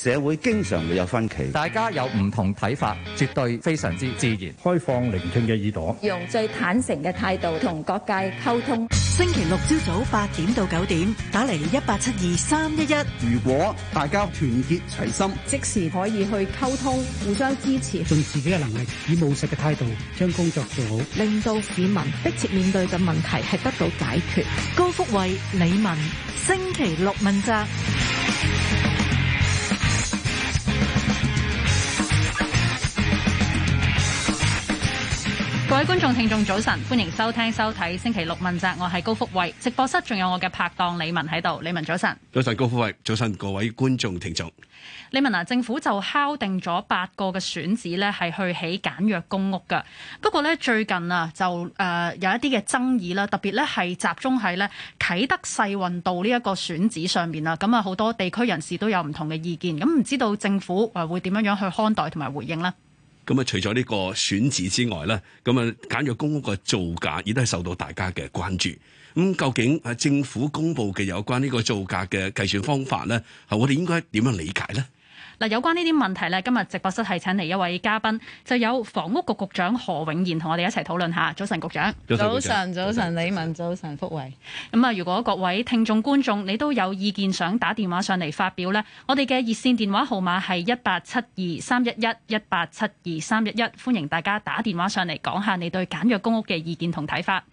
社會經常會有分歧，大家有唔同睇法，絕對非常之自然。開放聆聽嘅耳朵，用最坦誠嘅態度同各界溝通。星期六朝早八點到九點，打嚟一八七二三一一。如果大家團結齊心，即時可以去溝通，互相支持，盡自己嘅能力，以務實嘅態度將工作做好，令到市民迫切面對嘅問題係得到解決。高福慧、李文，星期六問責。各位觀眾、聽眾早晨，歡迎收聽、收睇《星期六問責，我係高福慧，直播室仲有我嘅拍檔李文喺度。李文早晨。早晨高福慧，早晨各位觀眾、聽眾。李文嗱、啊，政府就敲定咗八個嘅選址咧，係去起簡約公屋㗎。不過咧，最近啊，就誒有一啲嘅爭議啦，特別咧係集中喺咧啟德世運道呢一個選址上面啦。咁啊，好多地區人士都有唔同嘅意見，咁唔知道政府誒會點樣樣去看待同埋回應呢？咁啊，除咗呢個選址之外咧，咁啊，簡約公屋嘅造價亦都係受到大家嘅關注。咁究竟政府公布嘅有關呢個造價嘅計算方法咧，我哋應該點樣理解咧？嗱、嗯，有關呢啲問題呢，今日直播室係請嚟一位嘉賓，就有房屋局局長何永賢同我哋一齊討論下。早晨，局長。早晨，早晨，李文，早晨，福慧。咁啊，如果各位聽眾觀眾，你都有意見想打電話上嚟發表呢，我哋嘅熱線電話號碼係一八七二三一一一八七二三一一，歡迎大家打電話上嚟講下你對簡約公屋嘅意見同睇法。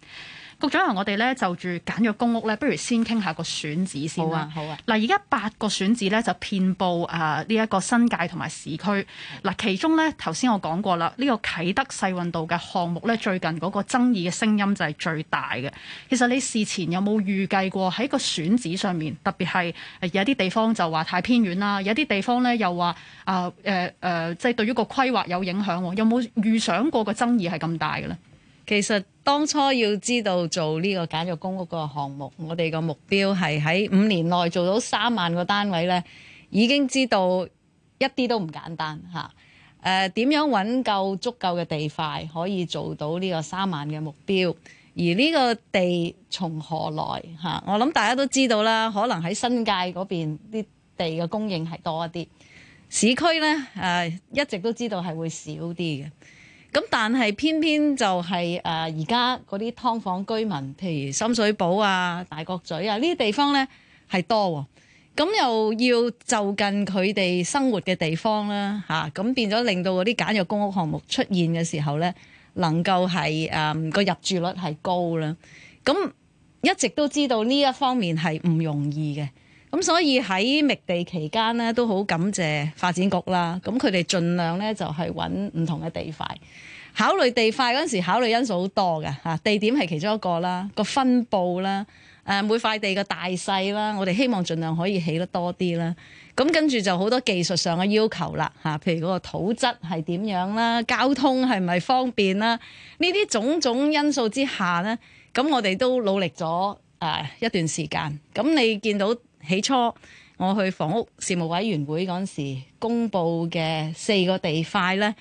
局長啊，我哋咧就住簡約公屋咧，不如先傾下個選址先啦。好啊，好啊。嗱，而家八個選址咧就遍佈啊呢一個新界同埋市區。嗱、啊，其中咧頭先我講過啦，呢個啟德世運道嘅項目咧最近嗰個爭議嘅聲音就係最大嘅。其實你事前有冇預計過喺個選址上面，特別係有啲地方就話太偏遠啦，有啲地方咧又話啊，呃呃，即係就是對於個規劃有影響，有冇預想過個爭議係咁大嘅咧？其實當初要知道做呢個簡約公屋個項目，我哋個目標係喺五年內做到三萬個單位咧，已經知道一啲都唔簡單嚇。誒、啊、點樣揾夠足夠嘅地塊，可以做到呢個三萬嘅目標？而呢個地從何來嚇、啊？我諗大家都知道啦，可能喺新界嗰邊啲地嘅供應係多一啲，市區呢，誒、啊、一直都知道係會少啲嘅。咁但係偏偏就係誒而家嗰啲劏房居民，譬如深水埗啊、大角咀啊呢啲地方呢係多喎，咁、嗯、又要就近佢哋生活嘅地方啦嚇，咁、啊嗯、變咗令到嗰啲簡約公屋項目出現嘅時候呢，能夠係誒個入住率係高啦。咁、嗯、一直都知道呢一方面係唔容易嘅。咁所以喺覓地期間咧，都好感謝發展局啦。咁佢哋盡量咧就係揾唔同嘅地塊，考慮地塊嗰陣時考慮因素好多嘅嚇。地點係其中一個啦，個分布啦，誒每塊地嘅大細啦，我哋希望盡量可以起得多啲啦。咁跟住就好多技術上嘅要求啦嚇，譬如嗰個土質係點樣啦，交通係咪方便啦？呢啲種種因素之下呢，咁我哋都努力咗誒一段時間。咁你見到。起初我去房屋事務委員會嗰陣時，公布嘅四個地塊咧，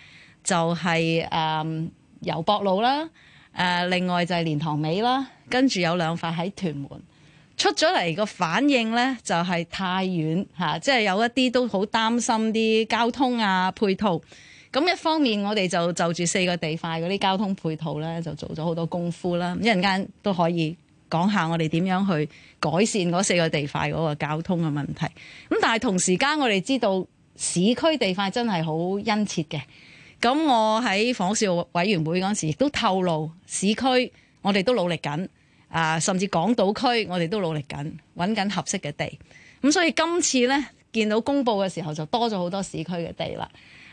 就係誒攸壆路啦，誒、呃、另外就係蓮塘尾啦，跟住有兩塊喺屯門。出咗嚟個反應咧，就係、是、太遠吓、啊，即係有一啲都好擔心啲交通啊配套。咁一方面我哋就就住四個地塊嗰啲交通配套咧，就做咗好多功夫啦，一陣間都可以講下我哋點樣去改善嗰四個地塊嗰個交通嘅問題。咁，但係同時間我哋知道市區地塊真係好殷切嘅。咁我喺房屋事委員會嗰陣時，亦都透露市區我哋都努力緊啊、呃，甚至港島區我哋都努力緊揾緊合適嘅地。咁所以今次呢，見到公佈嘅時候，就多咗好多市區嘅地啦。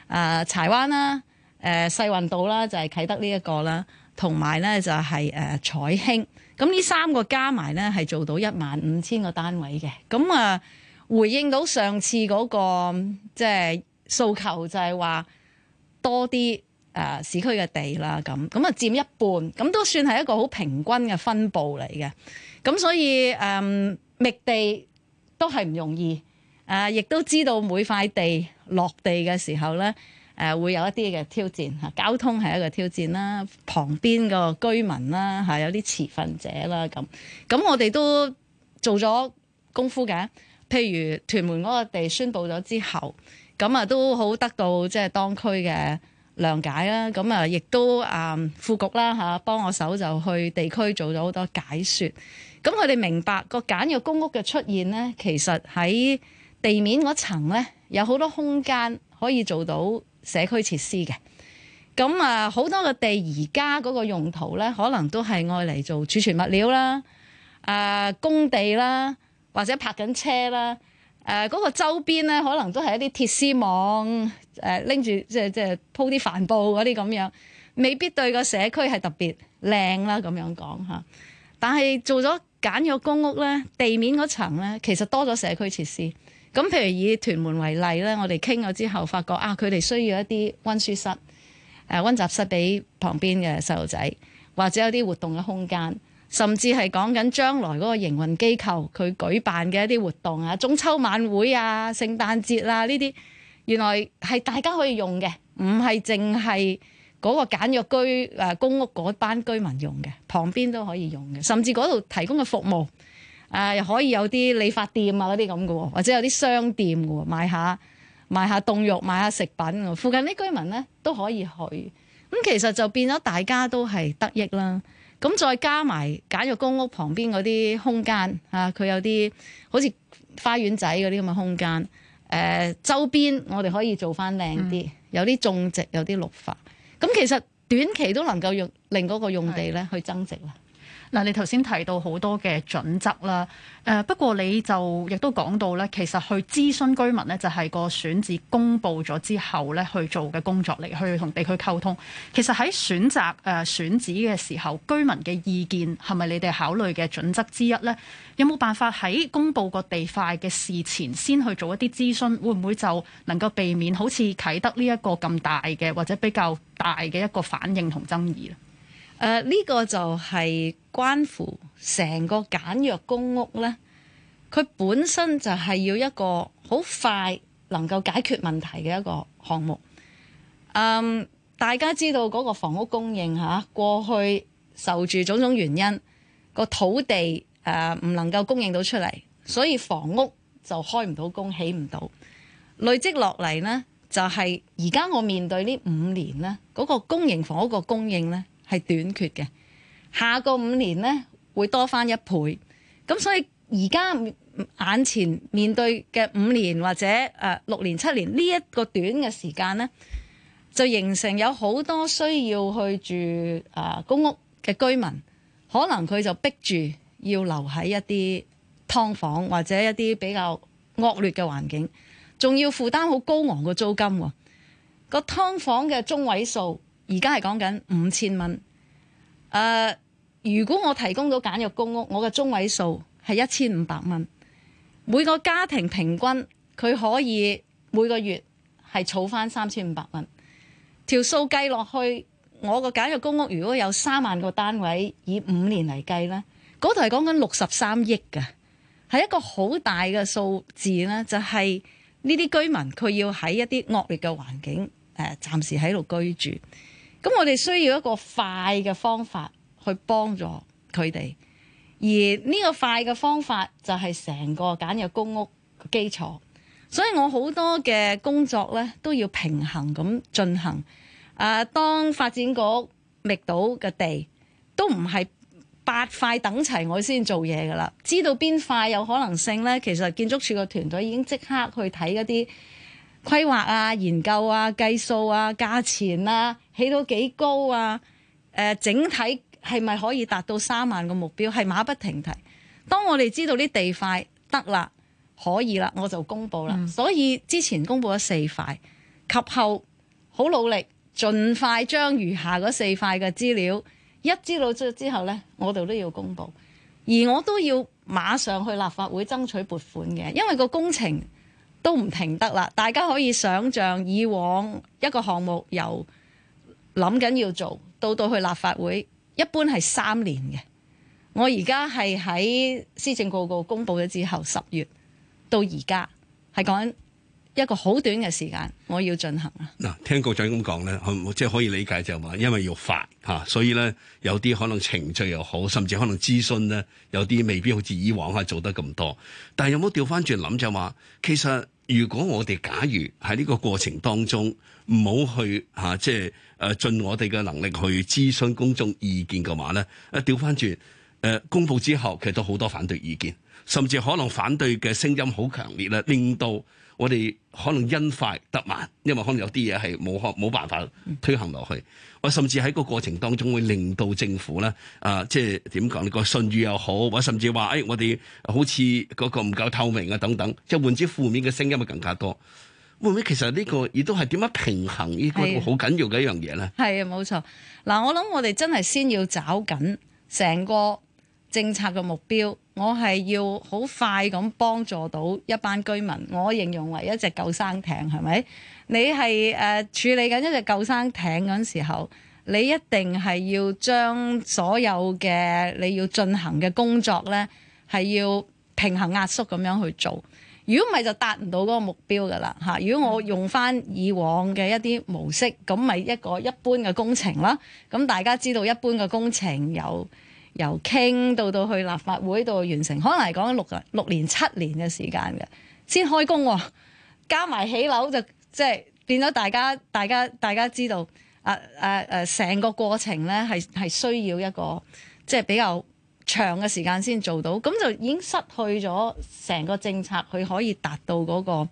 啊、呃，柴灣啦，誒、呃、世運道啦，就係、是、啟德呢、這、一個啦，同埋呢，就係、是呃、彩興。咁呢三個加埋咧，係做到一萬五千個單位嘅。咁啊，回應到上次嗰、那個即係、就是、訴求就，就係話多啲、呃、市區嘅地啦。咁咁啊，佔一半，咁都算係一個好平均嘅分佈嚟嘅。咁所以誒，覓、呃、地都係唔容易。亦、啊、都知道每塊地落地嘅時候咧。誒會有一啲嘅挑戰嚇，交通係一個挑戰啦，旁邊個居民啦嚇，有啲持份者啦咁，咁我哋都做咗功夫嘅。譬如屯門嗰個地宣佈咗之後，咁啊都好得到即係當區嘅諒解啦。咁啊亦都啊，嗯，副局啦嚇，幫我手就去地區做咗好多解說。咁佢哋明白嗰個簡約公屋嘅出現呢，其實喺地面嗰層呢，有好多空間可以做到。社區設施嘅，咁啊好多個地而家嗰個用途咧，可能都係愛嚟做儲存物料啦，啊、呃、工地啦，或者泊緊車啦，誒、呃、嗰、嗰個周邊咧，可能都係一啲鐵絲網，誒拎住即係即係鋪啲帆布嗰啲咁樣，未必對個社區係特別靚啦咁樣講吓。但係做咗簡約公屋咧，地面嗰層咧，其實多咗社區設施。咁譬如以屯門為例咧，我哋傾咗之後，發覺啊，佢哋需要一啲溫書室、誒溫習室俾旁邊嘅細路仔，或者有啲活動嘅空間，甚至係講緊將來嗰個營運機構佢舉辦嘅一啲活動啊，中秋晚會啊、聖誕節啊呢啲，原來係大家可以用嘅，唔係淨係嗰個簡約居誒公屋嗰班居民用嘅，旁邊都可以用嘅，甚至嗰度提供嘅服務。啊，可以有啲理髮店啊，嗰啲咁嘅喎，或者有啲商店喎、啊，買下買下凍肉，買下食品、啊，附近啲居民咧都可以去。咁、嗯、其實就變咗大家都係得益啦。咁、嗯、再加埋簡約公屋旁邊嗰啲空間啊，佢有啲好似花園仔嗰啲咁嘅空間。誒、呃，周邊我哋可以做翻靚啲，嗯、有啲種植，有啲綠化。咁其實短期都能夠用令嗰個用地咧去增值啦。嗱，你頭先提到好多嘅準則啦，誒不過你就亦都講到咧，其實去諮詢居民咧就係個選址公佈咗之後咧去做嘅工作，嚟去同地區溝通。其實喺選擇誒選址嘅時候，居民嘅意見係咪你哋考慮嘅準則之一呢？有冇辦法喺公佈個地塊嘅事前先去做一啲諮詢，會唔會就能夠避免好似啟德呢一個咁大嘅或者比較大嘅一個反應同爭議？呢、呃呢個就係關乎成個簡約公屋呢佢本身就係要一個好快能夠解決問題嘅一個項目。呃、大家知道嗰個房屋供應嚇，過去受住種種原因、嗰個土地誒唔、呃、能夠供應到出嚟，所以房屋就開唔到工，起唔到累積落嚟呢，就係而家我面對呢五年呢嗰、嗰個公營房屋個供應呢。係短缺嘅，下個五年呢，會多翻一倍，咁所以而家眼前面對嘅五年或者誒六年七年呢一個短嘅時間呢，就形成有好多需要去住、呃、公屋嘅居民，可能佢就逼住要留喺一啲劏房或者一啲比較惡劣嘅環境，仲要負擔好高昂嘅租金，嗰個劏房嘅中位數。而家係講緊五千蚊。誒、呃，如果我提供到簡約公屋，我嘅中位數係一千五百蚊，每個家庭平均佢可以每個月係儲翻三千五百蚊。條數計落去，我個簡約公屋如果有三萬個單位，以五年嚟計呢，嗰度係講緊六十三億㗎，係一個好大嘅數字呢，就係呢啲居民佢要喺一啲惡劣嘅環境，誒、呃，暫時喺度居住。咁我哋需要一個快嘅方法去幫助佢哋，而呢個快嘅方法就係成個簡約公屋基礎。所以我好多嘅工作咧都要平衡咁進行。誒、啊，當發展局覓到嘅地都唔係八塊等齊，我先做嘢噶啦。知道邊塊有可能性咧，其實建築署嘅團隊已經即刻去睇一啲規劃啊、研究啊、計數啊、價錢啊。起到幾高啊？誒、呃，整體係咪可以達到三萬個目標？係馬不停蹄。當我哋知道呢地塊得啦，可以啦，我就公佈啦。嗯、所以之前公佈咗四塊，及後好努力，盡快將餘下嗰四塊嘅資料一知道咗之後呢，我哋都要公佈，而我都要馬上去立法會爭取撥款嘅，因為個工程都唔停得啦。大家可以想像以往一個項目由諗緊要做到到去立法會，一般係三年嘅。我而家係喺施政報告公布咗之後，十月到而家係講一個好短嘅時間，我要進行啊。嗱，聽局長咁講咧，可唔即係可以理解就話，因為要快吓，所以咧有啲可能程序又好，甚至可能諮詢咧有啲未必好似以往係做得咁多。但係有冇調返轉諗就話，其實？如果我哋假如喺呢個過程當中唔好去嚇，即係誒盡我哋嘅能力去諮詢公眾意見嘅話咧，誒調翻轉誒公佈之後，其實都好多反對意見，甚至可能反對嘅聲音好強烈啦，令到。我哋可能因快得慢，因為可能有啲嘢係冇可冇辦法推行落去。我甚至喺個過程當中會令到政府咧，啊、呃，即係點講？呢個信譽又好，或甚至話誒、哎，我哋好似嗰個唔夠透明啊等等，即係換之負面嘅聲音會更加多。會唔會其實呢個亦都係點樣平衡個很重要的一事，呢個好緊要嘅一樣嘢咧？係啊，冇錯。嗱，我諗我哋真係先要找緊成個政策嘅目標。我係要好快咁幫助到一班居民，我形容為一隻救生艇，係咪？你係誒、呃、處理緊一隻救生艇嗰陣時候，你一定係要將所有嘅你要進行嘅工作咧，係要平衡壓縮咁樣去做。如果唔係就達唔到嗰個目標㗎啦嚇。如果我用翻以往嘅一啲模式，咁咪一個一般嘅工程啦。咁大家知道一般嘅工程有。由傾到到去立法會度完成，可能係講六六年七年嘅時間嘅先開工、哦，加埋起樓就即係、就是、變咗大家大家大家知道啊啊啊！成、啊啊、個過程咧係係需要一個即係、就是、比較長嘅時間先做到，咁就已經失去咗成個政策佢可以達到嗰個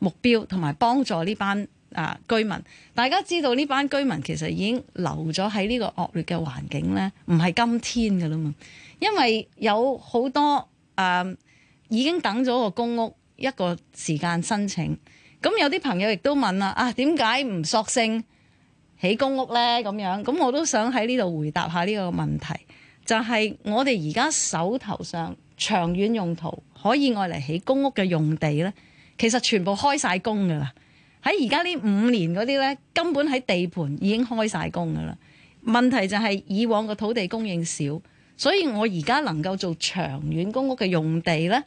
目標，同埋幫助呢班。啊！居民，大家知道呢班居民其實已經留咗喺呢個惡劣嘅環境咧，唔係今天㗎啦嘛。因為有好多誒、嗯、已經等咗個公屋一個時間申請，咁有啲朋友亦都問啦：啊，點解唔索性起公屋咧？咁樣咁我都想喺呢度回答下呢個問題，就係、是、我哋而家手頭上長遠用途可以愛嚟起公屋嘅用地咧，其實全部開晒工㗎啦。喺而家呢五年嗰啲呢，根本喺地盤已經開晒工㗎喇。問題就係以往個土地供應少，所以我而家能夠做長遠公屋嘅用地呢，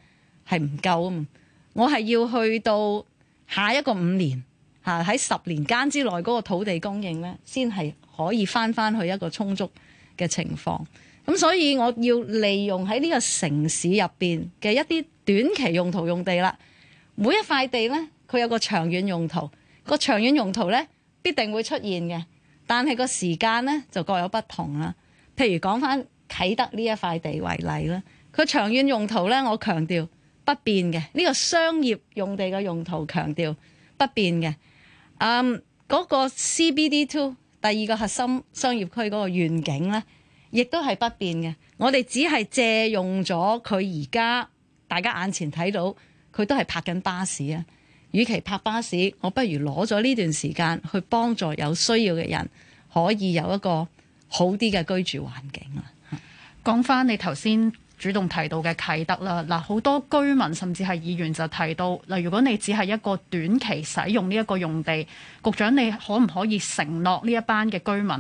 係唔夠啊！我係要去到下一個五年吓，喺十年間之內嗰個土地供應呢，先係可以返返去一個充足嘅情況。咁所以我要利用喺呢個城市入面嘅一啲短期用途用地啦，每一塊地呢。佢有個長遠用途，個長遠用途咧必定會出現嘅，但係個時間咧就各有不同啦。譬如講翻啟德呢一塊地為例啦，佢長遠用途咧，我強調不變嘅呢個商業用地嘅用途，強調不變嘅。嗯，嗰個 C B D Two 第二個核心商業區嗰個願景咧，亦都係不變嘅。我哋只係借用咗佢而家大家眼前睇到佢都係拍緊巴士啊。與其拍巴士，我不如攞咗呢段時間去幫助有需要嘅人，可以有一個好啲嘅居住環境啦。講返你頭先主動提到嘅啟德啦，嗱，好多居民甚至係議員就提到，嗱，如果你只係一個短期使用呢一個用地，局長你可唔可以承諾呢一班嘅居民？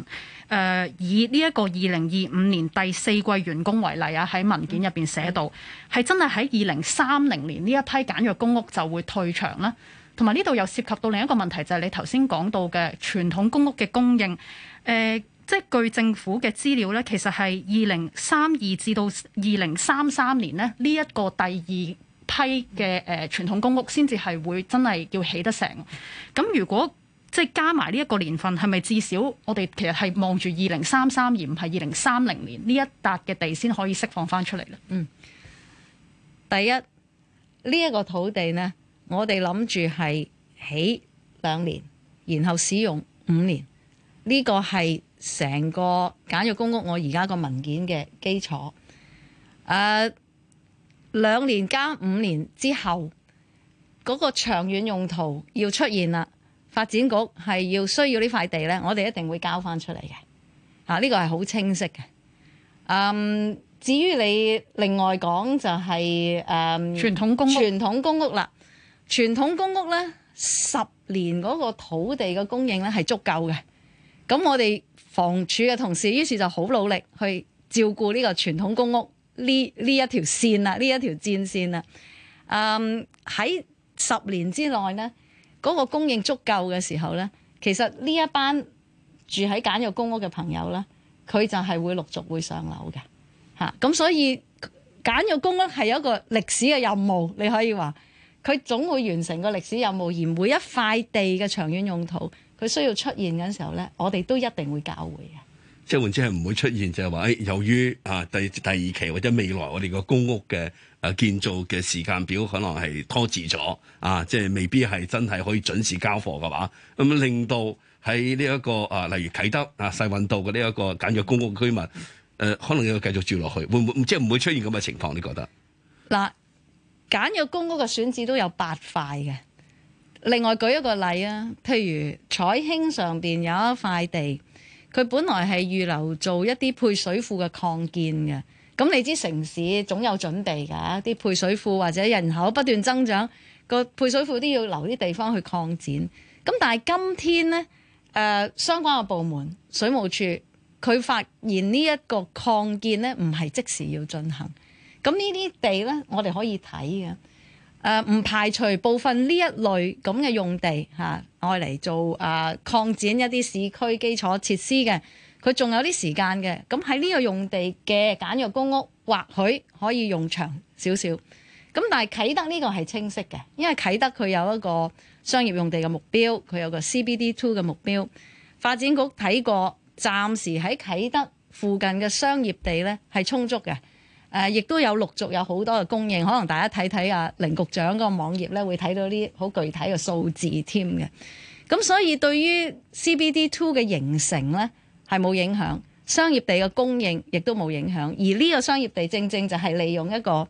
誒以呢一個二零二五年第四季完工為例啊，喺文件入邊寫到，係真係喺二零三零年呢一批簡約公屋就會退場啦。同埋呢度又涉及到另一個問題，就係、是、你頭先講到嘅傳統公屋嘅供應。誒、呃，即係據政府嘅資料呢，其實係二零三二至到二零三三年呢呢一個第二批嘅誒、呃、傳統公屋先至係會真係要起得成。咁、嗯、 如果即係加埋呢一個年份，係咪至少我哋其實係望住二零三三年，而唔係二零三零年呢一笪嘅地先可以釋放翻出嚟呢？嗯，第一呢一個土地呢，我哋諗住係起兩年，然後使用五年。呢個係成個簡約公屋我而家個文件嘅基礎。誒、呃，兩年加五年之後，嗰個長遠用途要出現啦。發展局係要需要呢塊地咧，我哋一定會交翻出嚟嘅。嚇，呢個係好清晰嘅。嗯，至於你另外講就係誒傳統公屋、傳統公屋啦，傳統公屋咧，十年嗰個土地嘅供應咧，係足夠嘅。咁我哋房署嘅同事於是就好努力去照顧呢個傳統公屋呢，呢一條線啦，呢一條戰線啦。嗯，喺十年之內咧。嗰個供應足夠嘅時候咧，其實呢一班住喺簡約公屋嘅朋友咧，佢就係會陸續會上樓嘅嚇。咁所以簡約公屋係有一個歷史嘅任務，你可以話佢總會完成個歷史任務。而每一塊地嘅長遠用途，佢需要出現嘅時候咧，我哋都一定會交回嘅。即係換之係唔會出現，就係話誒，由於啊第第二期或者未來我哋個公屋嘅。誒建造嘅時間表可能係拖遲咗啊！即係未必係真係可以準時交貨嘅話，咁、啊、令到喺呢一個啊，例如啟德啊、世運道嘅呢一個簡約公屋嘅居民，誒、啊、可能要繼續住落去，會唔會即係唔會出現咁嘅情況？你覺得嗱，簡約公屋嘅選址都有八塊嘅，另外舉一個例啊，譬如彩興上面有一塊地，佢本來係預留做一啲配水庫嘅擴建嘅。咁你知城市總有準備㗎，啲配水庫或者人口不斷增長，個配水庫都要留啲地方去擴展。咁但係今天呢，呃、相關嘅部門水務處佢發現呢一個擴建呢唔係即時要進行。咁呢啲地呢，我哋可以睇嘅，呃、唔排除部分呢一類咁嘅用地嚇，啊、嚟做、呃、擴展一啲市區基礎設施嘅。佢仲有啲時間嘅，咁喺呢個用地嘅簡約公屋，或許可以用長少少。咁但係啟德呢個係清晰嘅，因為啟德佢有一個商業用地嘅目標，佢有個 CBD Two 嘅目標。發展局睇過，暫時喺啟德附近嘅商業地呢係充足嘅，誒、呃、亦都有陸續有好多嘅供應。可能大家睇睇阿甯局長個網頁呢，會睇到啲好具體嘅數字添嘅。咁所以對於 CBD Two 嘅形成呢，係冇影響，商業地嘅供應亦都冇影響，而呢個商業地正正就係利用一個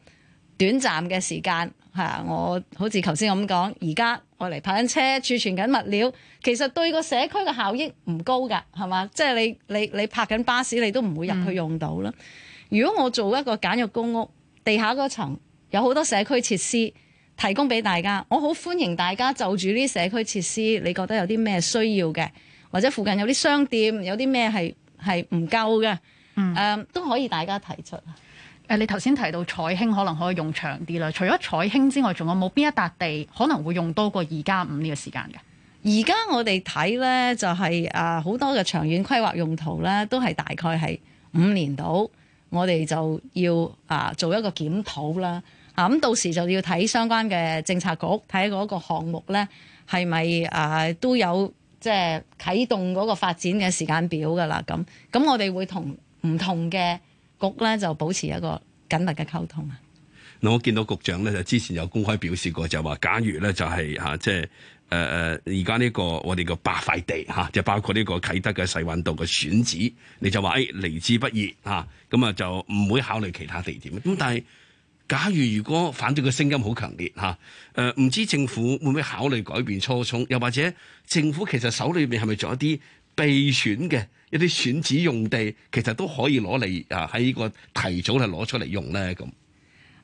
短暫嘅時間嚇。我好似頭先咁講，而家我嚟泊緊車，儲存緊物料，其實對個社區嘅效益唔高㗎，係嘛？即係你你你泊緊巴士，你都唔會入去用到啦。嗯。如果我做一個簡約公屋，地下嗰層有好多社區設施提供俾大家，我好歡迎大家就住呢社區設施，你覺得有啲咩需要嘅？或者附近有啲商店，有啲咩係係唔夠嘅，誒、嗯啊、都可以大家提出。誒，你頭先提到彩興可能可以用長啲啦，除咗彩興之外，仲有冇邊一笪地可能會用多過二加五呢個時間㗎？而家我哋睇咧就係誒好多嘅長遠規劃用途咧，都係大概係五年度。我哋就要啊做一個檢討啦。啊，咁到時就要睇相關嘅政策局睇嗰個項目咧係咪誒都有。即係啟動嗰個發展嘅時間表噶啦，咁咁我哋會同唔同嘅局咧就保持一個緊密嘅溝通啊。嗱，我見到局長咧就之前有公開表示過就，就話假如咧就係、是、吓，即係誒誒，而家呢個我哋個八塊地吓、啊，就包括呢個啟德嘅世運道嘅選址，你就話誒嚟，之不易啊，咁啊就唔會考慮其他地點。咁 但係假如如果反對嘅聲音好強烈嚇，誒唔知政府會唔會考慮改變初衷，又或者政府其實手裏邊係咪做一啲備選嘅一啲選址用地，其實都可以攞嚟啊喺呢個提早係攞出嚟用咧咁。誒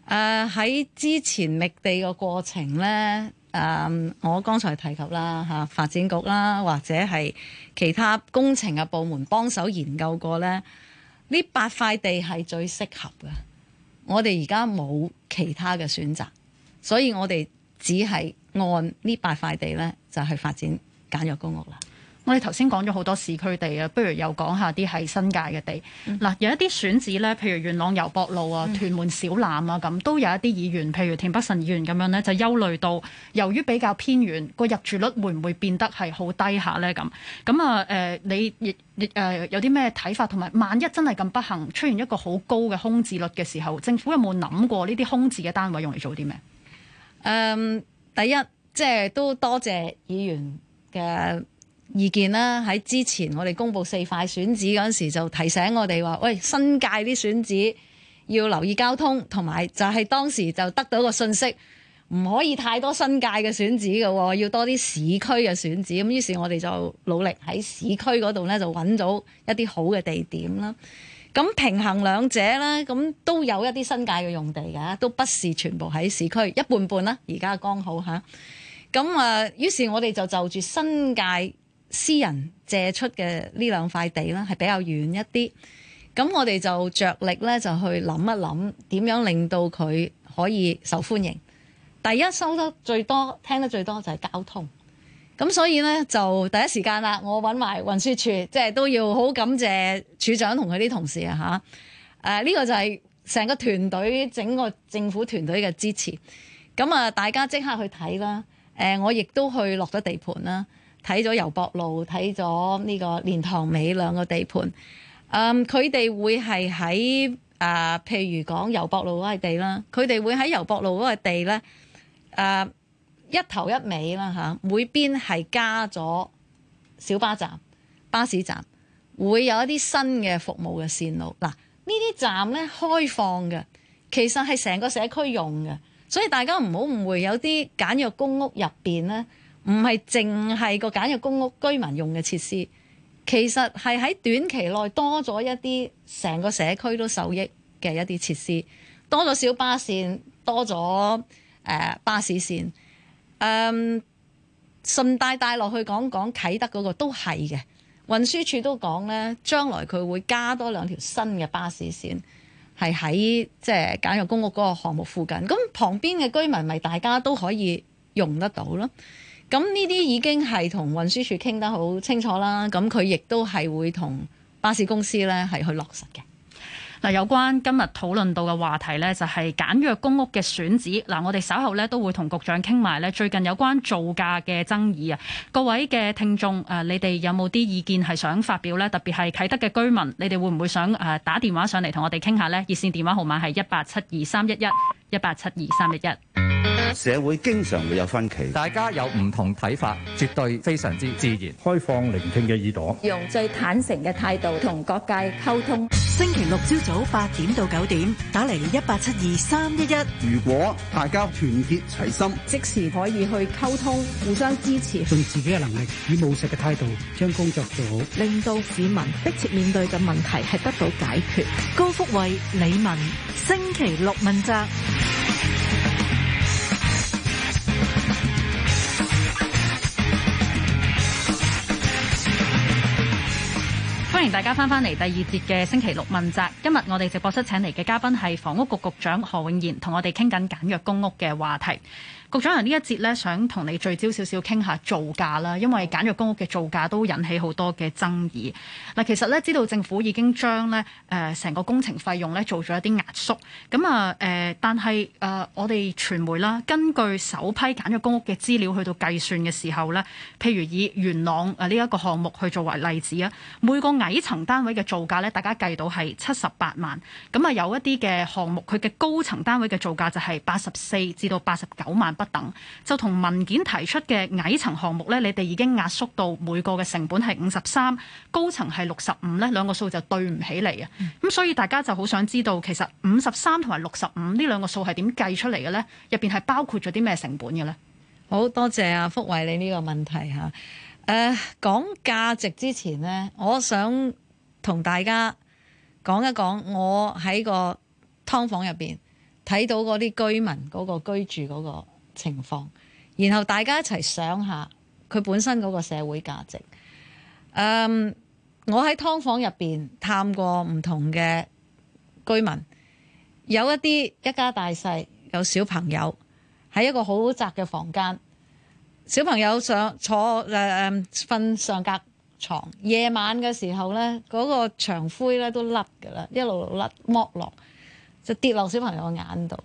喺、呃、之前覓地嘅過程咧，誒、呃、我剛才提及啦嚇，發展局啦，或者係其他工程嘅部門幫手研究過咧，呢八塊地係最適合嘅。我哋而家冇其他嘅選擇，所以我哋只係按呢八塊地咧就去發展簡約公屋啦。我哋頭先講咗好多市區地啊，不如又講下啲喺新界嘅地嗱、嗯。有一啲選址咧，譬如元朗油博路啊、屯門小欖啊，咁都有一啲議員，譬如田北辰議員咁樣咧，就憂慮到由於比較偏遠，個入住率會唔會變得係好低下咧？咁咁啊？誒、你、呃、有啲咩睇法？同埋萬一真係咁不幸出現一個好高嘅空置率嘅時候，政府有冇諗過呢啲空置嘅單位用嚟做啲咩？誒、嗯，第一即係都多謝，謝議員嘅意見啦，喺之前我哋公布四塊選址嗰陣時，就提醒我哋話：「喂，新界啲選址要留意交通，同埋就係當時就得到個信息，唔可以太多新界嘅選址嘅喎，要多啲市區嘅選址。咁於是，我哋就努力喺市區嗰度呢，就揾到一啲好嘅地點啦。咁平衡兩者啦，咁都有一啲新界嘅用地嘅，都不是全部喺市區，一半半啦、啊。而家剛好吓咁啊，於是，我哋就就住新界，私人借出嘅呢兩塊地啦，係比較遠一啲。咁我哋就着力咧，就去諗一諗點樣令到佢可以受歡迎。第一，收得最多、聽得最多就係交通。咁所以咧，就第一時間啦，我搵埋運輸處，即係都要好感謝處長同佢啲同事啊吓，誒，呢個就係成個團隊、整個政府團隊嘅支持。咁啊，大家即刻去睇啦。誒，我亦都去落咗地盤啦。睇咗油博路，睇咗呢個蓮塘尾兩個地盤。嗯，佢哋會係喺啊，譬如講油博路嗰個地啦，佢哋會喺油博路嗰個地咧，誒、呃，一頭一尾啦嚇、啊，每邊係加咗小巴站、巴士站，會有一啲新嘅服務嘅線路。嗱，這些呢啲站咧，開放嘅，其實係成個社區用嘅，所以大家唔好誤會，有啲簡約公屋入邊咧。唔係淨係個簡約公屋居民用嘅設施，其實係喺短期內多咗一啲成個社區都受益嘅一啲設施，多咗小巴線，多咗、呃、巴士線。嗯，順帶帶落去講講啟德嗰個都係嘅，運輸署都講呢，將來佢會加多兩條新嘅巴士線，係喺即係簡約公屋嗰個項目附近，咁旁邊嘅居民咪大家都可以用得到咯。咁呢啲已經係同運輸署傾得好清楚啦，咁佢亦都係會同巴士公司呢係去落實嘅。嗱、啊，有關今日討論到嘅話題呢，就係、是、簡約公屋嘅選址。嗱、啊，我哋稍後呢都會同局長傾埋呢最近有關造價嘅爭議啊。各位嘅聽眾誒、啊，你哋有冇啲意見係想發表呢？特別係啟德嘅居民，你哋會唔會想誒打電話上嚟同我哋傾下呢？熱線電話號碼係一八七二三一一一八七二三一一。社會經常會有分歧，大家有唔同睇法，絕對非常之自然。開放聆聽嘅耳朵，用最坦誠嘅態度同各界溝通。星期六朝早八點到九點，打嚟一八七二三一一。如果大家團結齊心，即時可以去溝通，互相支持，盡自己嘅能力，以務實嘅態度將工作做好，令到市民迫切面對嘅問題係得到解決。高福慧、李文，星期六問責。歡迎大家翻返嚟第二節嘅星期六問責。今日我哋直播室請嚟嘅嘉賓係房屋局局長何永賢，同我哋傾緊簡約公屋嘅話題。局長人呢一節咧想同你聚焦少少傾下造價啦，因為簡約公屋嘅造價都引起好多嘅爭議。嗱，其實咧知道政府已經將咧呃、成個工程費用咧做咗一啲壓縮，咁啊、呃、但係誒、呃、我哋傳媒啦，根據首批簡約公屋嘅資料去到計算嘅時候咧，譬如以元朗呢一個項目去作為例子啊，每個矮層單位嘅造價咧，大家計到係七十八萬，咁啊，有一啲嘅項目佢嘅高層單位嘅造價就係八十四至到八十九萬。等就同文件提出嘅矮層項目咧，你哋已經壓縮到每個嘅成本係五十三，高層係六十五咧，兩個數就對唔起嚟啊！咁、嗯、所以大家就好想知道，其實五十三同埋六十五呢兩個數係點計出嚟嘅呢？入邊係包括咗啲咩成本嘅呢？好多謝啊，福慧你呢個問題吓，誒講價值之前呢，我想同大家講一講我喺個劏房入邊睇到嗰啲居民嗰、嗰個居住嗰、嗰個。情況，然後大家一齊想一下佢本身嗰個社會價值。嗯、um,，我喺劏房入邊探過唔同嘅居民，有一啲一家大細有小朋友喺一個好窄嘅房間，小朋友想坐誒瞓、呃呃、上格床，夜晚嘅時候呢，嗰、那個牆灰呢都甩噶啦，一路甩剝落，就跌落小朋友眼度，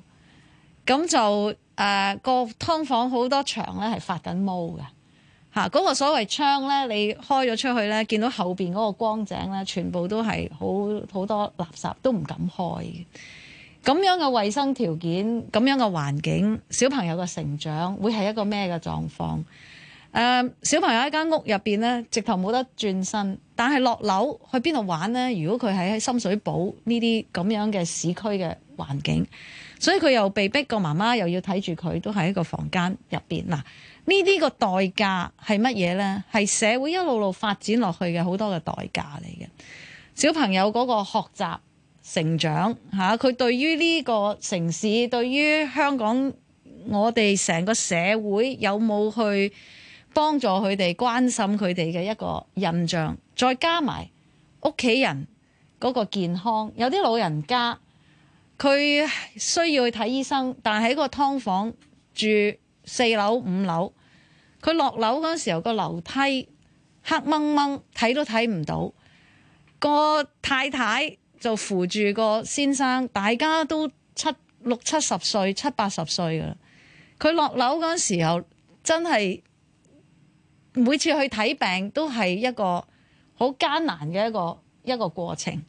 咁就。誒、uh, 個劏房好多牆咧係發緊毛嘅，嗰、uh, 個所謂窗咧，你開咗出去咧，見到後邊嗰個光井咧，全部都係好好多垃圾，都唔敢開嘅。咁樣嘅衛生條件，咁樣嘅環境，小朋友嘅成長會係一個咩嘅狀況？誒、uh,，小朋友喺間屋入邊咧，直頭冇得轉身，但係落樓去邊度玩咧？如果佢喺深水埗呢啲咁樣嘅市區嘅。環境，所以佢又被逼個媽媽又要睇住佢，都喺一個房間入邊。嗱，呢啲個代價係乜嘢呢？係社會一路路發展落去嘅好多嘅代價嚟嘅。小朋友嗰個學習成長嚇，佢、啊、對於呢個城市，對於香港，我哋成個社會有冇去幫助佢哋、關心佢哋嘅一個印象？再加埋屋企人嗰個健康，有啲老人家。佢需要去睇醫生，但係喺個劏房住四樓五樓。佢落樓嗰陣時候，個樓梯黑掹掹，睇都睇唔到。個太太就扶住個先生，大家都七六七十歲、七八十歲㗎喇。佢落樓嗰陣時候，真係每次去睇病都係一個好艱難嘅一個一個過程。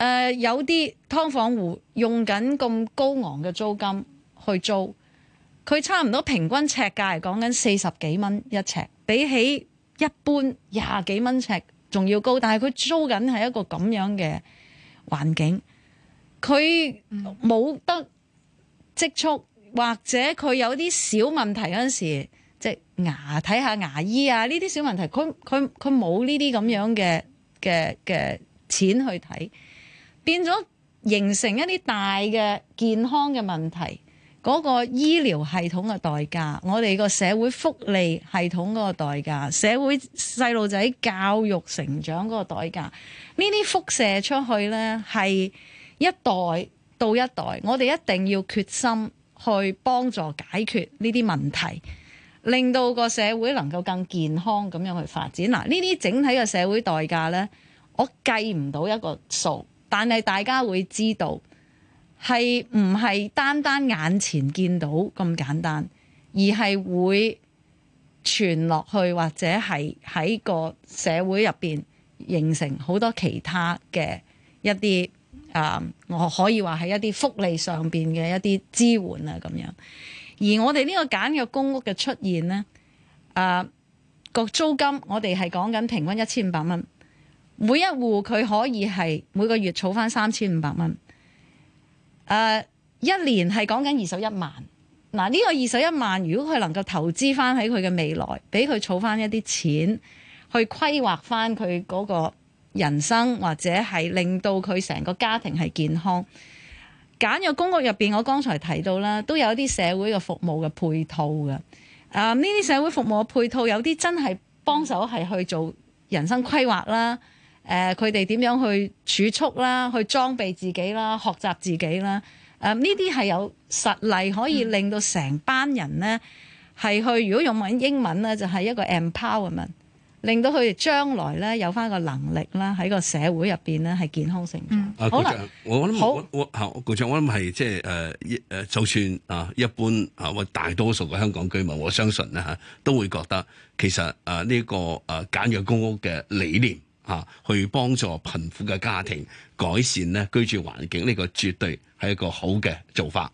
誒、呃、有啲劏房戶用緊咁高昂嘅租金去租，佢差唔多平均尺價係講緊四十幾蚊一尺，比起一般廿幾蚊尺仲要高。但係佢租緊係一個咁樣嘅環境，佢冇得積蓄，或者佢有啲小問題嗰陣時，即牙睇下牙醫啊，呢啲小問題，佢佢佢冇呢啲咁樣嘅嘅嘅錢去睇。變咗形成一啲大嘅健康嘅問題，嗰個醫療系統嘅代價，我哋個社會福利系統嗰個代價，社會細路仔教育成長嗰個代價，呢啲輻射出去呢，係一代到一代。我哋一定要決心去幫助解決呢啲問題，令到個社會能夠更健康咁樣去發展。嗱，呢啲整體嘅社會代價呢，我計唔到一個數。但係大家會知道，係唔係單單眼前見到咁簡單，而係會傳落去，或者係喺個社會入邊形成好多其他嘅一啲啊，我可以話係一啲福利上邊嘅一啲支援啊咁樣。而我哋呢個簡約公屋嘅出現呢，誒、啊、個租金我哋係講緊平均一千五百蚊。每一戶佢可以係每個月儲翻三千五百蚊，誒，一年係講緊二十一萬。嗱，呢個二十一萬，如果佢能夠投資翻喺佢嘅未來，俾佢儲翻一啲錢去規劃翻佢嗰個人生，或者係令到佢成個家庭係健康。簡約公屋入邊，我剛才提到啦，都有一啲社會嘅服務嘅配套嘅。啊，呢啲社會服務嘅配套，有啲真係幫手係去做人生規劃啦。誒佢哋點樣去儲蓄啦，去裝備自己啦，學習自己啦。誒呢啲係有實例可以令到成班人咧，係、嗯、去如果用文英文咧，就係、是、一個 empowerment，令到佢哋將來咧有返個能力啦，喺個社會入邊咧係健康成長。啊、嗯，局我諗局長，我諗係即係誒誒，就算啊一般啊或、呃、大多數嘅香港居民，我相信咧嚇、啊、都會覺得其實啊呢、呃這個啊、呃、簡約公屋嘅理念。啊！去幫助貧苦嘅家庭改善咧居住環境，呢、這個絕對係一個好嘅做法。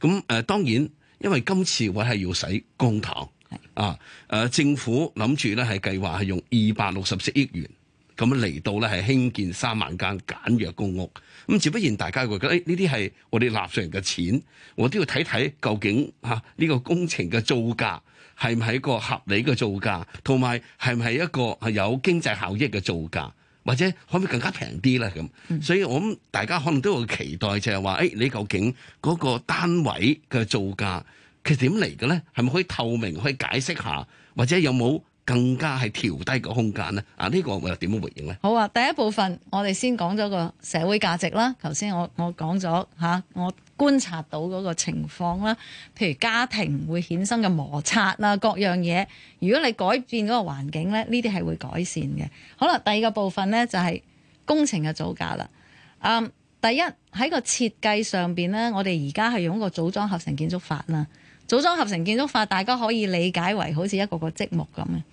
咁誒、呃、當然，因為今次我係要使公帑啊誒、呃、政府諗住咧係計劃係用二百六十四億元咁嚟到咧係興建三萬間簡約公屋。咁自不然大家會覺得誒呢啲係我哋納稅人嘅錢，我都要睇睇究竟嚇呢個工程嘅造價。係唔係一個合理嘅造價，同埋係唔係一個係有經濟效益嘅造價，或者可唔可以更加平啲咧咁？嗯、所以我諗大家可能都有期待就是說，就係話，誒你究竟嗰個單位嘅造價，佢點嚟嘅咧？係咪可以透明，可以解釋下，或者有冇？更加係調低個空間咧，啊呢個我又點樣回應呢？好啊，第一部分我哋先講咗個社會價值啦。頭先我我講咗嚇，我觀察到嗰個情況啦，譬如家庭會衍生嘅摩擦啦，各樣嘢。如果你改變嗰個環境呢，呢啲係會改善嘅。好啦，第二個部分呢，就係工程嘅造價啦。嗯，第一喺個設計上邊呢，我哋而家係用一個組裝合成建築法啦。組裝合成建築法，大家可以理解為好似一個個積木咁嘅。呢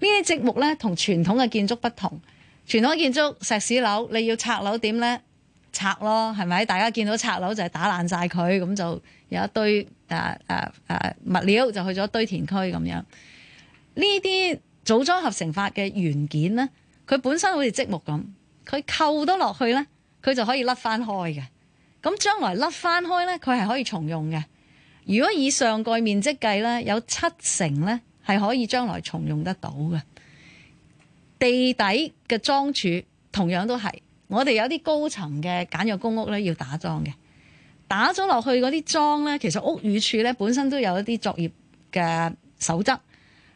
啲積木咧，同傳統嘅建築不同。傳統建築石屎樓，你要拆樓點咧？拆咯，係咪？大家見到拆樓就係打爛晒佢，咁就有一堆誒誒誒物料就去咗堆填區咁樣。呢啲組裝合成法嘅元件咧，佢本身好似積木咁，佢扣得落去咧，佢就可以甩翻開嘅。咁將來甩翻開咧，佢係可以重用嘅。如果以上蓋面積計呢，有七成呢係可以將來重用得到嘅。地底嘅樁柱，同樣都係我哋有啲高層嘅簡約公屋呢要打樁嘅，打咗落去嗰啲樁呢，其實屋宇署呢本身都有一啲作業嘅守則，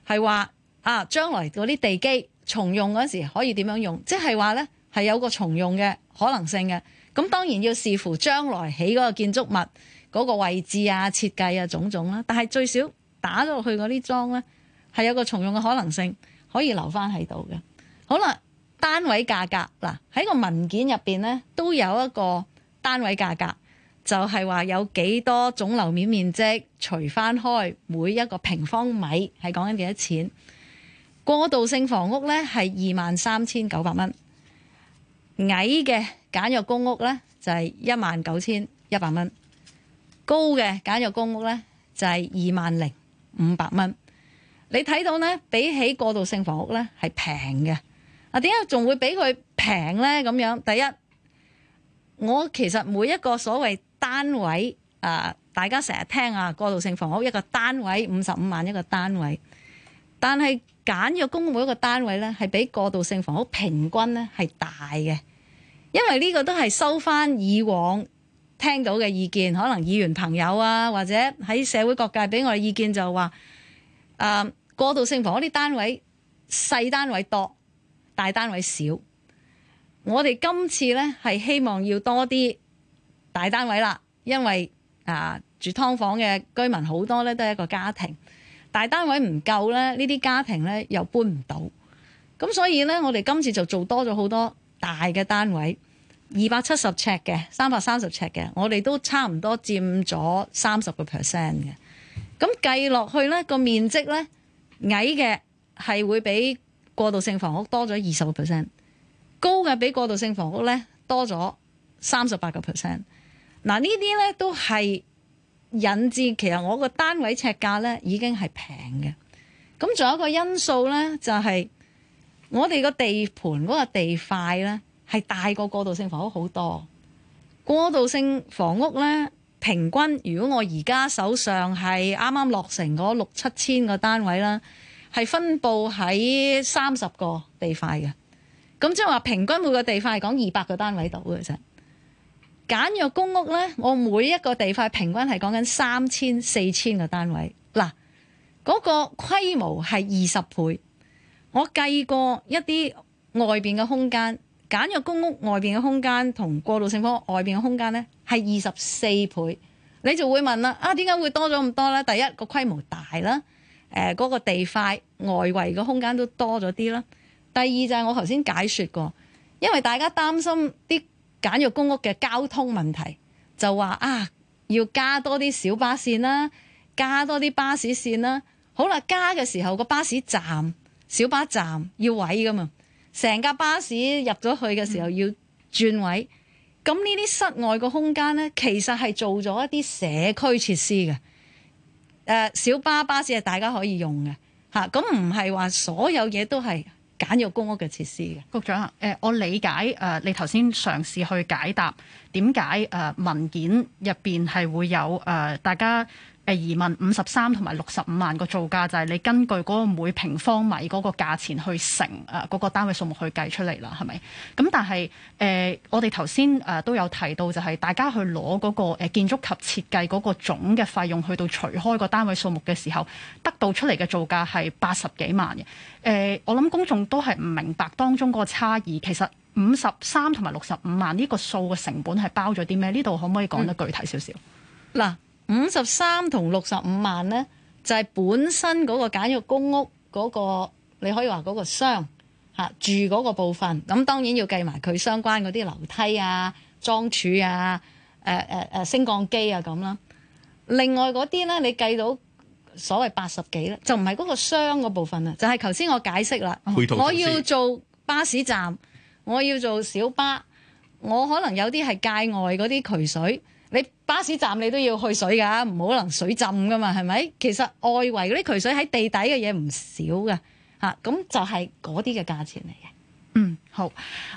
係話啊將來嗰啲地基重用嗰時候可以點樣用，即係話呢係有個重用嘅可能性嘅。咁當然要視乎將來起嗰個建築物。嗰個位置啊、設計啊、種種啦、啊，但係最少打咗落去嗰啲樁呢，係有個重用嘅可能性，可以留翻喺度嘅。好啦，單位價格嗱喺個文件入面呢，都有一個單位價格，就係、是、話有幾多總樓面面積除翻開每一個平方米係講緊幾多錢。過渡性房屋呢係二萬三千九百蚊，矮嘅簡約公屋呢就係一萬九千一百蚊。高嘅簡約公屋呢，就係二萬零五百蚊，你睇到呢，比起過渡性房屋呢，係平嘅。啊，點解仲會比佢平呢？咁樣第一，我其實每一個所謂單位啊、呃，大家成日聽啊，過渡性房屋一個單位五十五萬一個單位，但係簡約公屋每一個單位呢，係比過渡性房屋平均呢係大嘅，因為呢個都係收翻以往。聽到嘅意見，可能議員朋友啊，或者喺社會各界俾我嘅意見就話：誒、呃、過渡性房，嗰啲單位細單位多，大單位少。我哋今次呢，係希望要多啲大單位啦，因為啊、呃、住劏房嘅居民好多呢，都係一個家庭，大單位唔夠呢，呢啲家庭呢，又搬唔到。咁所以呢，我哋今次就做多咗好多大嘅單位。二百七十尺嘅，三百三十尺嘅，我哋都差唔多佔咗三十個 percent 嘅。咁計落去呢個面積呢，矮嘅係會比過渡性房屋多咗二十個 percent，高嘅比過渡性房屋呢多咗三十八個 percent。嗱、啊、呢啲呢都係引致其實我個單位尺價呢已經係平嘅。咁仲有一個因素呢，就係、係、我哋、個地盤嗰個地塊呢。係大過過渡性房屋好多過渡性房屋呢，平均如果我而家手上係啱啱落成嗰六七千個單位啦，係分佈喺三十個地塊嘅，咁即係話平均每個地塊係講二百個單位度嘅啫。簡約公屋呢，我每一個地塊平均係講緊三千四千個單位嗱，嗰、嗰個規模係二十倍。我計過一啲外面嘅空間。簡約公屋外面嘅空間同過渡性房屋外面嘅空間呢，係二十四倍。你就會問啦，啊點解會多咗咁多呢？第一個規模大啦，嗰、呃嗰個地塊外圍嘅空間都多咗啲啦。第二就係我頭先解説過，因為大家擔心啲簡約公屋嘅交通問題，就話啊要加多啲小巴線啦，加多啲巴士線啦。好啦，加嘅時候個巴士站、小巴站要位噶嘛。成架巴士入咗去嘅時候要轉位，咁呢啲室外個空間咧，其實係做咗一啲社區設施嘅。誒、呃，小巴巴士係大家可以用嘅，吓咁唔係話所有嘢都係簡約公屋嘅設施嘅。局長，誒、呃，我理解誒、呃，你頭先嘗試去解答點解誒文件入邊係會有誒、呃、大家。係疑問，五十三同埋六十五萬個造價，就係、是，你根據嗰個每平方米嗰個價錢去乘誒嗰、呃那個單位數目去計出嚟啦，係咪？咁但係誒、呃，我哋頭先誒都有提到，就係大家去攞嗰、那個誒、呃、建築及設計嗰個總嘅費用，去到除開個單位數目嘅時候，得到出嚟嘅造價係八十幾萬嘅。誒、呃，我諗公眾都係唔明白當中嗰個差異。其實五十三同埋六十五萬呢個數嘅成本係包咗啲咩？呢度可唔可以講得具體少少？嗱、嗯。五十三同六十五萬呢，就係、是、本身嗰個簡約公屋嗰、那個，你可以話嗰個箱住嗰個部分。咁當然要計埋佢相關嗰啲樓梯啊、樁柱啊、誒、呃呃、升降機啊咁啦。另外嗰啲呢，你計到所謂八十幾呢就唔係嗰個箱嗰部分啊，就係頭先我解釋啦。配套公司。我要做巴士站，我要做小巴，我可能有啲係界外嗰啲渠水。你巴士站你都要去水噶，唔可能水浸噶嘛，係咪？其實外圍嗰啲渠水喺地底嘅嘢唔少噶，嚇、啊、咁就係嗰啲嘅價錢嚟嘅。嗯，好，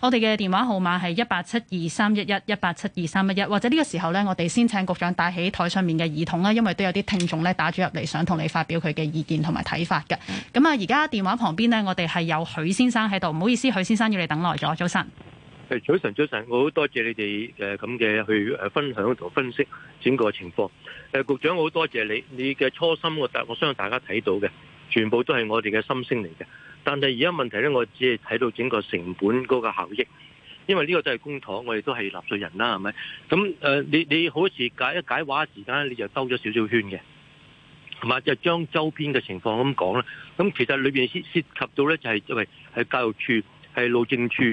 我哋嘅電話號碼係一八七二三一一一八七二三一一，或者呢個時候呢，我哋先請局長帶起台上面嘅耳筒啦，因為都有啲聽眾咧打咗入嚟，想同你發表佢嘅意見同埋睇法嘅。咁啊、嗯，而家、嗯、電話旁邊呢，我哋係有許先生喺度，唔好意思，許先生要你等耐咗，早晨。誒，早晨，早晨，我好多謝你哋誒咁嘅去誒分享同分析整個情況。誒，局長，我好多謝你，你嘅初心我大，我相信大家睇到嘅，全部都係我哋嘅心聲嚟嘅。但係而家問題咧，我只係睇到整個成本嗰個效益，因為呢個都係公帑，我哋都係納稅人啦，係咪？咁誒，你你好似解一解話時間，你就兜咗少少圈嘅，同埋就將周邊嘅情況咁講啦。咁其實裏邊涉涉及到咧就係因為係教育署，係路政署。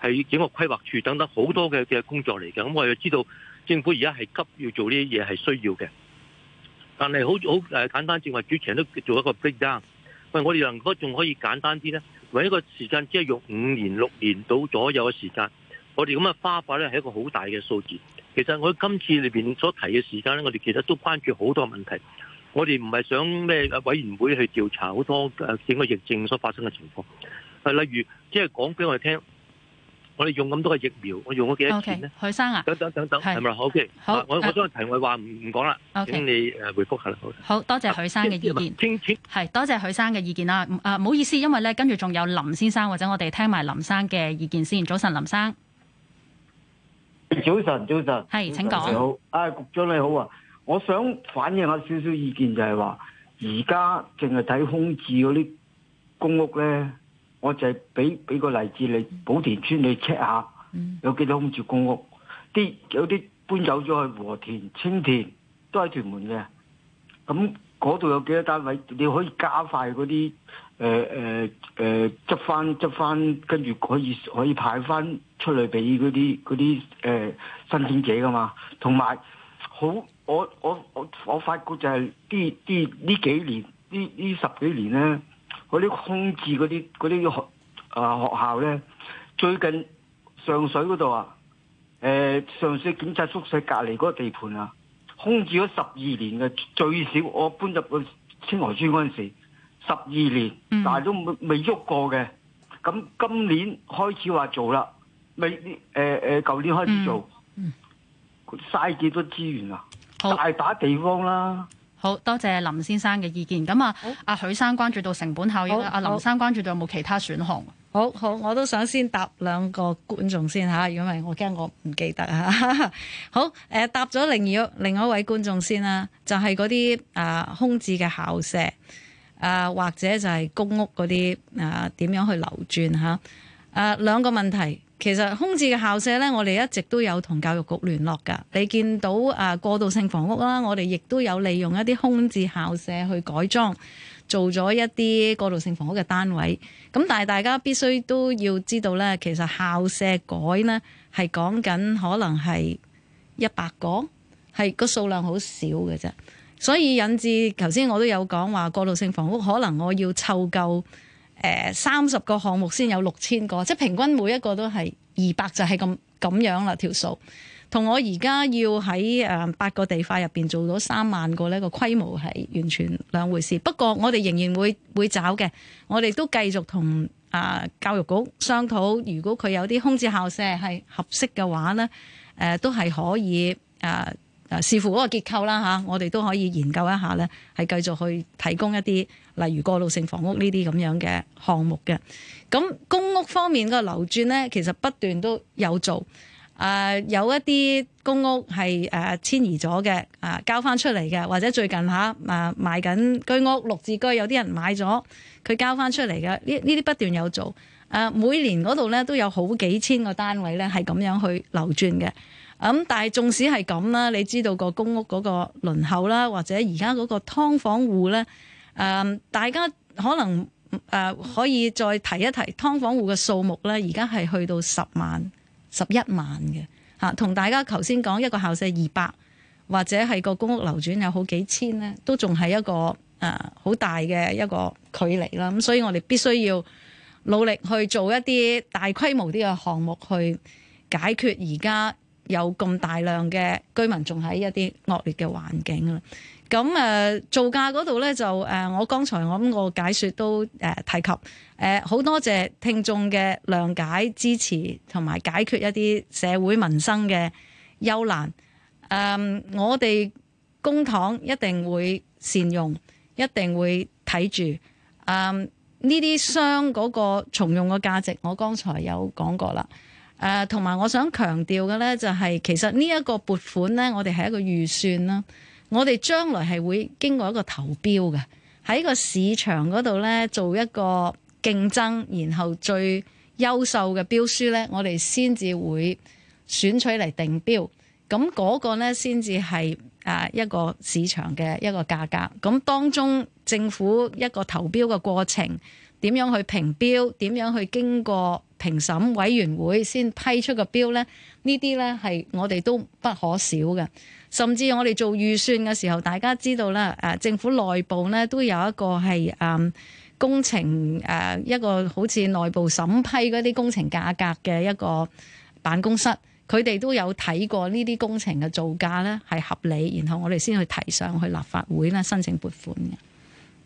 係整個規劃處等等好多嘅嘅工作嚟嘅，咁我哋知道政府而家係急要做呢啲嘢，係需要嘅。但係好好簡單，正話主持人都做一個 break down。喂，我哋能夠仲可以簡單啲咧？搵一個時間，即係用五年、六年到左右嘅時間，我哋咁嘅花費咧係一個好大嘅數字。其實我今次裏面所提嘅時間咧，我哋其實都關注好多問題。我哋唔係想咩委員會去調查好多誒整個疫症所發生嘅情況。例如，即係講俾我哋聽。我哋用咁多嘅疫苗，我用咗幾多件咧？許生啊，等等等等，係咪啊？好嘅，好，我我將個題外話唔唔講啦。請你誒回覆下啦。好多謝許生嘅意見，係多謝許生嘅意見啦。誒唔好意思，因為咧跟住仲有林先生或者我哋聽埋林生嘅意見先。早晨，林生。早晨，早晨。係請講。你好，啊局長你好啊，我想反映下少少意見，就係話而家淨係睇空置嗰啲公屋咧。我就係俾俾個例子你，寶田村你 check 下，有幾多空置公屋？啲有啲搬走咗去和田、青田，都喺屯門嘅。咁嗰度有幾多單位？你可以加快嗰啲誒誒誒執翻執翻，跟住可以可以派翻出嚟俾嗰啲嗰啲誒申請者噶嘛？同埋好，我我我我發覺就係啲啲呢幾年呢呢十幾年咧。嗰啲空置嗰啲嗰啲學誒、啊、學校咧，最近上水嗰度啊，誒、呃、上水警察宿舍隔籬嗰個地盤啊，空置咗十二年嘅，最少，我搬入去清河村嗰陣時，十二年，嗯、但係都未喐過嘅，咁今年開始話做啦，未誒誒，舊、呃、年開始做，嘥幾、嗯、多資源啊，好大把地方啦。好多謝林先生嘅意見，咁好啊，阿許生關注到成本效益，阿、啊、林生關注到有冇其他選項。好好，我都想先答兩個觀眾先嚇，因為我驚我唔記得啊。好，誒，答咗另一另一位觀眾先啦，就係嗰啲啊空置嘅校舍啊，或者就係公屋嗰啲啊，點樣去流轉嚇？誒，兩個問題。其實空置嘅校舍呢，我哋一直都有同教育局聯絡㗎。你見到啊、呃、過渡性房屋啦，我哋亦都有利用一啲空置校舍去改裝，做咗一啲過渡性房屋嘅單位。咁但係大家必須都要知道呢，其實校舍改呢係講緊可能係一百個，係個數量好少嘅啫。所以引致頭先我都有講話過渡性房屋，可能我要湊夠。誒三十個項目先有六千個，即係平均每一個都係二百就係咁咁樣啦，條數。同我而家要喺誒八個地塊入邊做到三萬個呢個規模係完全兩回事。不過我哋仍然會會找嘅，我哋都繼續同啊、呃、教育局商討，如果佢有啲空置校舍係合適嘅話呢誒、呃、都係可以啊。呃啊、視乎嗰個結構啦吓、啊，我哋都可以研究一下咧，係繼續去提供一啲例如過渡性房屋呢啲咁樣嘅項目嘅。咁、啊、公屋方面個流轉咧，其實不斷都有做。誒、啊，有一啲公屋係誒、啊、遷移咗嘅，誒、啊、交翻出嚟嘅，或者最近吓，誒賣緊居屋綠置居，有啲人買咗，佢交翻出嚟嘅。呢呢啲不斷有做。誒、啊，每年嗰度咧都有好幾千個單位咧係咁樣去流轉嘅。咁、嗯、但係縱使係咁啦，你知道個公屋嗰個輪候啦，或者而家嗰個劏房戶呢，誒、呃、大家可能誒、呃、可以再提一提劏房戶嘅數目呢。而家係去到十萬、十一萬嘅嚇，同、啊、大家頭先講一個校舍二百，或者係個公屋流轉有好幾千呢，都仲係一個誒好、呃、大嘅一個距離啦。咁所以我哋必須要努力去做一啲大規模啲嘅項目去解決而家。有咁大量嘅居民仲喺一啲惡劣嘅環境啦，咁誒、呃、造價嗰度咧就誒、呃、我剛才我咁個解說都誒、呃、提及誒好、呃、多謝聽眾嘅諒解、支持同埋解決一啲社會民生嘅憂難誒、呃。我哋公帑一定會善用，一定會睇住。誒呢啲商嗰個重用嘅價值，我剛才有講過啦。誒，同埋、呃、我想強調嘅呢、就係，就係其實呢一個撥款呢，我哋係一個預算啦。我哋將來係會經過一個投標嘅，喺個市場嗰度呢，做一個競爭，然後最優秀嘅標書呢，我哋先至會選取嚟定標。咁嗰個呢，先至係一個市場嘅一個價格。咁當中政府一個投標嘅過程，點樣去評標，點樣去經過，評審委員會先批出個標呢，呢啲呢係我哋都不可少嘅。甚至我哋做預算嘅時候，大家知道啦、啊，政府內部呢都有一個係誒、嗯、工程、啊、一個好似內部審批嗰啲工程價格嘅一個辦公室，佢哋都有睇過呢啲工程嘅造價呢係合理，然後我哋先去提上去立法會呢申請撥款嘅。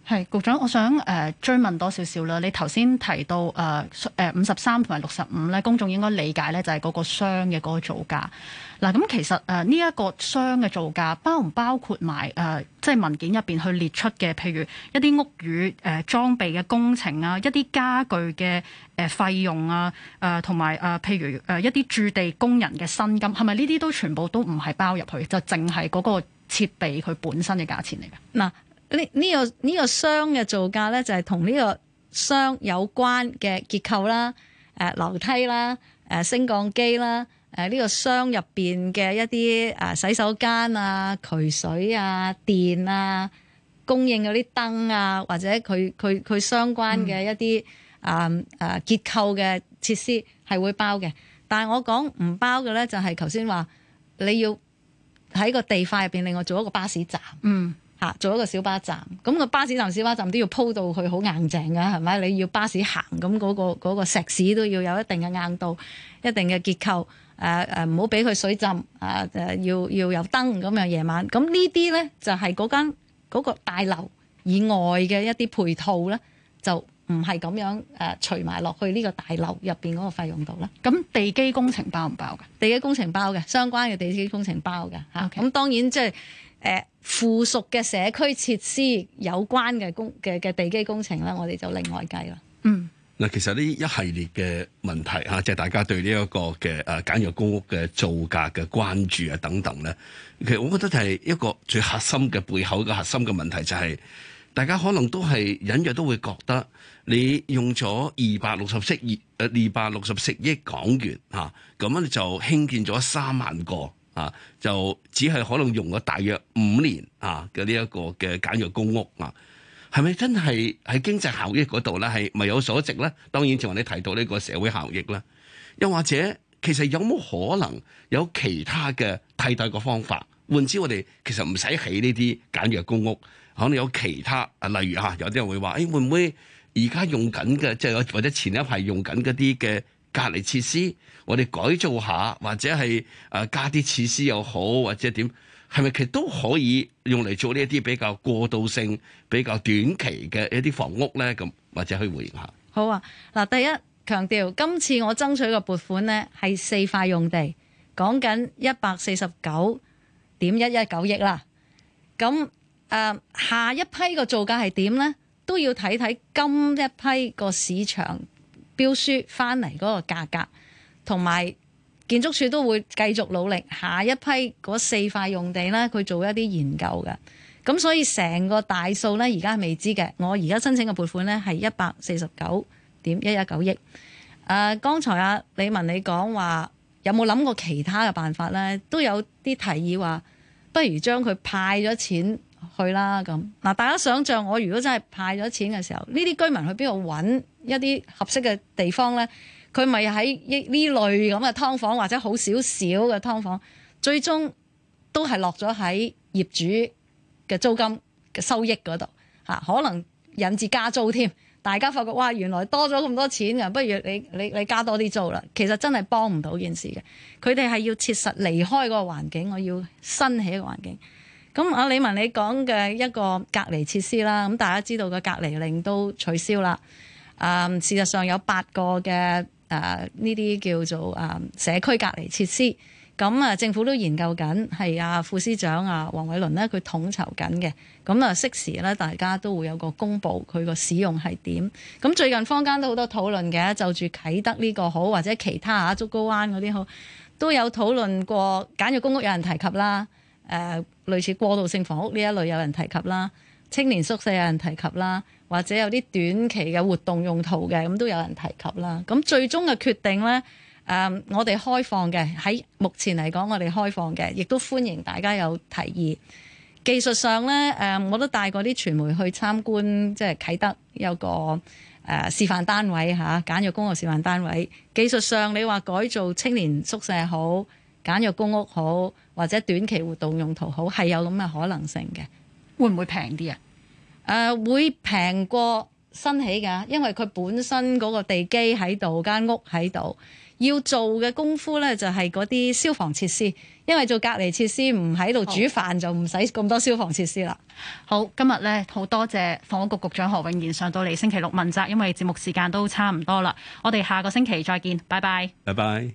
係，局長，我想誒、呃、追問多少少啦。你頭先提到誒誒五十三同埋六十五咧，呃、65，公眾應該理解咧，就係嗰個箱嘅嗰個造價。嗱、呃，咁其實誒呢一個箱嘅造價，包唔包括埋誒、呃、即係文件入面去列出嘅，譬如一啲屋宇誒裝、呃、備嘅工程啊，一啲家具嘅誒、呃、費用啊，誒同埋誒譬如誒一啲駐地工人嘅薪金，係咪呢啲都全部都唔係包入去，就淨係嗰個設備佢本身嘅價錢嚟嘅？嗱。呢呢個呢個箱嘅造價咧，就係同呢個箱有關嘅結構啦、誒、呃、樓梯啦、誒、呃、升降機啦、誒、呃、呢個箱入邊嘅一啲啊洗手間啊、渠水啊、電啊供應嗰啲燈啊，或者佢佢佢相關嘅一啲、嗯嗯、啊啊結構嘅設施係會包嘅。但係我講唔包嘅咧，就係頭先話你要喺個地塊入邊另外做一個巴士站。嗯。啊、做一個小巴站，咁個巴士站、小巴站都要鋪到佢好硬淨㗎，係咪？你要巴士行，咁、嗰、嗰個嗰、嗰個、石屎都要有一定嘅硬度、一定嘅結構。誒唔好俾佢水浸。啊啊、要要有燈咁樣夜晚。咁呢啲咧就係、係、嗰間嗰、嗰個大樓以外嘅一啲配套咧，就唔係咁樣、啊、除埋落去呢個大樓入邊嗰個費用度啦。咁地基工程包唔包㗎？地基工程包嘅，相關嘅地基工程包嘅嚇。咁 Okay.、啊、當然即、就、係、係。誒附屬嘅社區設施有關嘅工嘅嘅地基工程咧，我哋就另外計啦。嗯，嗱，其實呢一系列嘅問題嚇，即係大家對呢一個嘅誒簡約公屋嘅造價嘅關注啊等等咧，其實我覺得係一個最核心嘅背後一個核心嘅問題，就係大家可能都係隱約都會覺得你用咗二百六十億二百六十億港元嚇，咁樣你就興建咗三萬個。啊，就只係可能用咗大約五年啊嘅呢一個嘅簡約公屋啊，係咪真係喺經濟效益嗰度咧？係咪物有所值咧？當然就話你提到呢個社會效益啦，又或者其實有冇可能有其他嘅替代嘅方法，換之我哋其實唔使起呢啲簡約公屋，可能有其他啊，例如吓有啲人會話，誒、欸、會唔會而家用緊嘅，即係或者前一排用緊嗰啲嘅？隔離設施，我哋改造下，或者係誒加啲設施又好，或者點，係咪其實都可以用嚟做呢一啲比較過渡性、比較短期嘅一啲房屋咧？咁或者可以回應下。好啊，嗱，第一強調，今次我爭取嘅撥款咧係四塊用地，講緊一百四十九點一一九億啦。咁誒、呃，下一批個造價係點咧？都要睇睇今一批個市場。標書翻嚟嗰個價格，同埋建築署都會繼續努力。下一批嗰四塊用地呢，佢做一啲研究嘅。咁所以成個大數呢，而家係未知嘅。我而家申請嘅撥款呢，係一百四十九點一一九億。呃，剛才呀，李文你講話有冇諗過其他嘅辦法呢？都有啲提議話，不如將佢派咗錢去啦。咁嗱，大家想象我如果真係派咗錢嘅時候，呢啲居民去邊度揾？一啲合適嘅地方咧，佢咪喺呢呢類咁嘅劏房或者好少少嘅劏房，最終都係落咗喺業主嘅租金嘅收益嗰度嚇，可能引致加租添。大家發覺哇，原來多咗咁多錢啊，不如你你你加多啲租啦。其實真係幫唔到件事嘅，佢哋係要切實離開嗰個環境，我要新起一個環境。咁阿李文你講嘅一個隔離設施啦，咁大家知道個隔離令都取消啦。啊、嗯，事實上有八個嘅啊，呢、呃、啲叫做啊、呃、社區隔離設施，咁、嗯、啊政府都研究緊，係啊副司長啊黃偉綸呢，佢統籌緊嘅，咁啊適時咧大家都會有個公佈佢個使用係點。咁、嗯、最近坊間都好多討論嘅，就住啟德呢個好，或者其他啊竹篙灣嗰啲好，都有討論過簡約公屋有人提及啦，誒、呃、類似過渡性房屋呢一類有人提及啦。青年宿舍有人提及啦，或者有啲短期嘅活動用途嘅，咁都有人提及啦。咁最終嘅決定呢，誒，我哋開放嘅喺目前嚟講，我哋開放嘅，亦都歡迎大家有提議。技術上呢，誒，我都帶過啲傳媒去參觀，即係啟德有個誒示範單位吓，簡約公屋示範單位。技術上你話改造青年宿舍好、簡約公屋好，或者短期活動用途好，係有咁嘅可能性嘅。會唔會平啲啊？誒、呃，會平過新起噶，因為佢本身嗰個地基喺度，間屋喺度要做嘅功夫呢，就係嗰啲消防設施，因為做隔離設施唔喺度煮飯好就唔使咁多消防設施啦。好，今日呢，好多謝房屋局局長何永賢上到嚟星期六問責，因為節目時間都差唔多啦。我哋下個星期再見，拜拜，拜拜。